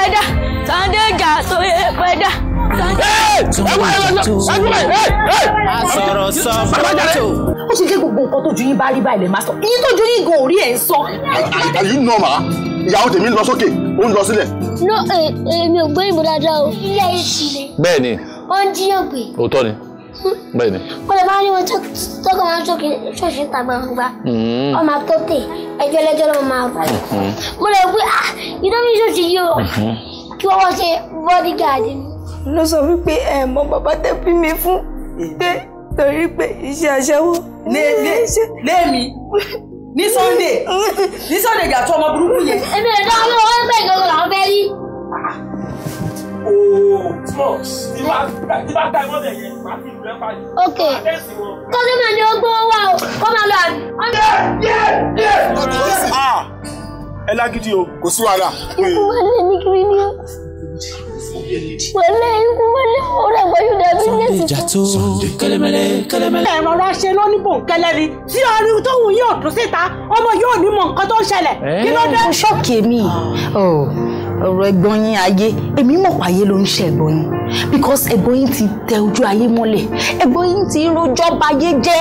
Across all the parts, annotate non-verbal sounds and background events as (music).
pẹ́dà Sunday ìjà sóyè pẹ́dà. Asọ̀rọ̀ sọ fọ́tò. Ó ṣe kí gbogbo nǹkan tó ju yín bá rí báyìí lè máa sọ. Iye tó ju yín gan orí ẹ̀ ń sọ. Àyè nù ọ̀mà, ìyàwó tèmi ń lọ sókè, ó ń lọ sílẹ̀. Nọ èmi eh, eh, ò gbé ìbò dáadáa o, ilé ayé ti le. Bẹ́ẹ̀ni. Wọ́n ń jíyàn pé. Òótọ́ ni. Bene. Quelle mani ma ciò come ciò che ciò c'è sta manca. Mm. O ma tutti e io le giorno ma mm-hmm. Volevo qui ah, io non mi so se io. Kí wọ́n wọ́n ṣe bodyguard mi. Ló sọ wípé ẹ mọ bàbá tẹ bí mi fún pé ne, mm. ne, ne, ne, Lé lé lé mi ní Sunday ní Sunday gàtọ́ ọmọ burúkú yẹn. Èmi ò dá ọlọ́wọ́ ẹgbẹ́ ìgbà. ok kọ́sọ́mà ni ó gbówó wá o kó Ah, lọ àbí. Ah, ah. ẹ lágídí o kò sí wàhálà. ikú wálé ní kiri ni ó wẹlé ikú wẹlé ọ̀rẹ́ gbẹyú dàbí ní èsì fún. kẹlẹmẹlẹ kẹlẹmẹlẹ. ẹ̀rọ ra ṣe lọ́nìbò kẹlẹ́ ni tí ọrí tóun yóò dùn síta ọmọ yóò ní mọ nǹkan tó ń ṣẹlẹ̀ kí ló dé. ṣọ́ọ̀kì mi. Ah. Oh ọ̀rọ̀ ẹ̀gbọ́n yín ayé èmi mọ̀ páyé ló ń ṣe ẹ̀gbọ́n yín because ẹ̀gbọ́n yín ti tẹ ojú ayé mọ́lẹ̀ ẹ̀gbọ́n yín ti rojọ́ bayé jẹ́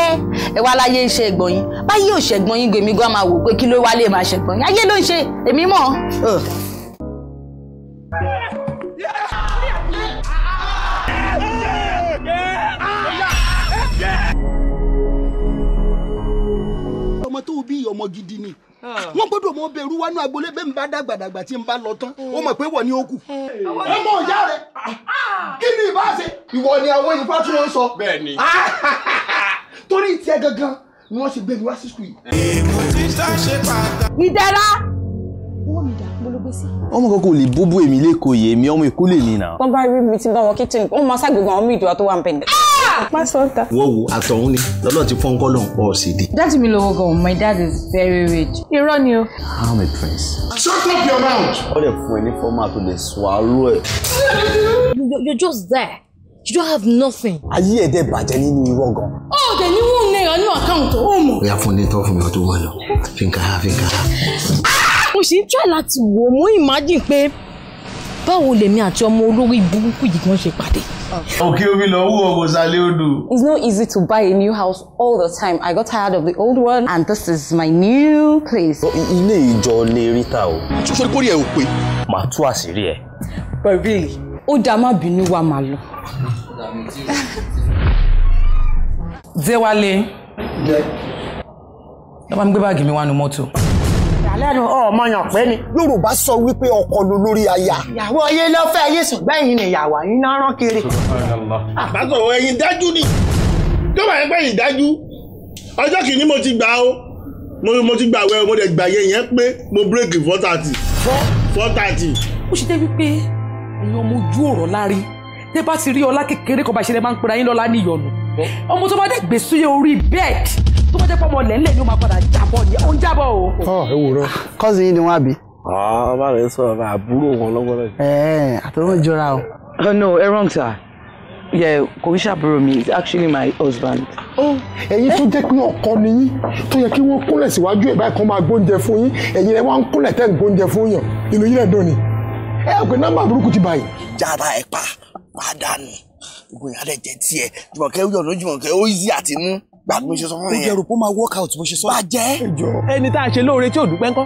ẹ wá láyé iṣẹ́ ẹ̀gbọ́n yín báyé ò ṣẹ̀gbọ́n yín gbèmí gan máa wò pé kí ló wá lè máa ṣẹ̀gbọ́n yín ayé ló ń ṣe èmi mọ̀. ọmọ tó bí ọmọ gidi ni. Ah. wọ́n gbọ́dọ̀ mọ bẹ̀rù wánú agbolé bẹ́ẹ̀ ń bá dàgbàdàgbà tí ń bá lọ tán ó mọ̀ pé wọ̀ ni ó kù. ọmọ ìyá rẹ kí ni ìbá ṣe. ìwọ ni àwọn ìfá tí wọ́n sọ. bẹ́ẹ̀ni. (laughs) torí tiẹ̀ gangan ni wọ́n ṣe gbé mi wá sí sùkúù yìí. tí sá ṣe pàtàkì. ìdẹ́ra owó mi dà gbólógbó ọmọ kan kò lè bóbó èmi lẹ́kọ̀ọ́ yèémi ọmọ èkó mi nà. wọ́n bá rí mi tí bá wọn kí tí wọ́n máa ṣàgbégbá àwọn mídìí wa tó wà ń bẹ̀ má sọ ta. wọ́n wo àtọ̀hún ni lọ́lọ́ ti fọ́n kọ́lọ̀ pọ̀ sí di. dájú mi lówó gan my dad is very rich. irọ́ ni o. How a prince. shut up your mouth. wọ́n lè fún ẹ ní fọ́mà tó lè swallow ẹ̀. you just there you don't have nothing. ayé ẹ̀ dẹ̀ bàjẹ́ nínú irọ́ gan. ó dẹ̀ ní wọ́n náírà ní àkáǹtì ó mọ̀. ó yà fún ní tọ́ fún mi kó tó wọ̀ lọ fínkà fínkà. Ah! mo ṣì ń try láti wò ó mo imagine pé báwo lèmi àti ọmọ olórí burúkú yìí kan ṣe pàdé. òkè omi lọ wú ọmọ sálẹ̀ odò. it's not easy to buy a new house all the time i got tired of the old one and this is my new place. ilé ìjọ lè rí ta o. sori kórìí ẹ ò pé. màá tú àṣírí ẹ. bẹ̀rẹ̀ ó dá má bínú wa màá lọ. Déwálé. ẹ bá mi gbé báàgì mi wá nu mọ́tò lẹ́nu ọmọ yàn pé ni. yorùbá sọ wípé ọkọ ló lórí aya. ìyàwó ayé ló fẹ́ ayé ṣùgbọ́n ẹ̀yin ni ìyàwó yín náà rán kiri. àbásọ̀rọ̀ ẹ̀yin dájú ni tó bá yẹ pé ẹ̀yin dájú ọjọ́ kìíní mo ti gbà ó mo ti gbà wẹ́ mo dẹ̀ gbà yẹn yẹn pé mo bírèkì four thirty. four thirty. ó ṣe dé wípé èèyàn mojú ọ̀rọ̀ lárí tẹ́ bá ti rí ọlá kékeré kan bá ṣe lè máa ń pera yín lọ́lá níyọnu ọmọ tó bá dẹ̀ gbèsè orí bẹ́ẹ̀dì tó bá jẹ́ pọ́ ọmọ lẹ́ńlẹ̀ ni ó máa padà jábọ̀ ni ó ń jábọ̀ o. ọ ewu rọ kọ́sìn yìí ni wọ́n á bí. Ah, ọba rẹ sọ̀rọ̀ bá àbúrò wọn lọ́gbọ́n rẹ. ẹ àtọ́wọ́n jọra o. no ẹ wrong sir yeah kò ń ṣàbúrò mi it's actually my husband. Oh, ẹ̀yin tó jẹ́ pé ọkọ ni yín tó yẹ kí wọ́n kúnlẹ̀ síwájú ẹ̀ báyìí kan máa gbóúnjẹ fún yín ẹ̀yin rẹ̀ wá ń kúnlẹ̀ tẹ́ ń gbóúnjẹ fún yàn inú yín rẹ̀ dùn ni ẹ ò pé nọ́mbà burúkú ti báyìí. jára ẹ pa pàdánù gbogbo ìyá rẹ jẹ tiẹ jùmọ̀kẹ́ yọ̀ lójúmọ̀kẹ́ ó yí àtinú gbà mo ṣe sọ fún mi. ó jẹ́ rúpọ́ máa work out bó ṣe sọ. bàjẹ́ ẹni tá a ṣe lóore tí ò dúpẹ́ ńkọ́.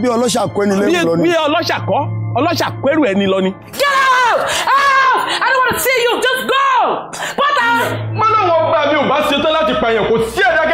bí ọlọ́ṣà kọ́ ẹni lẹ́nu lọ ni. bí ọlọ́ṣà kọ́ ọlọ́ṣà kẹ́rù ẹni lọ ni. get out! out! Ah! I don't want to see you just go. bọ́tà. mọ́nà wọn gbà mí ò bá ṣetán láti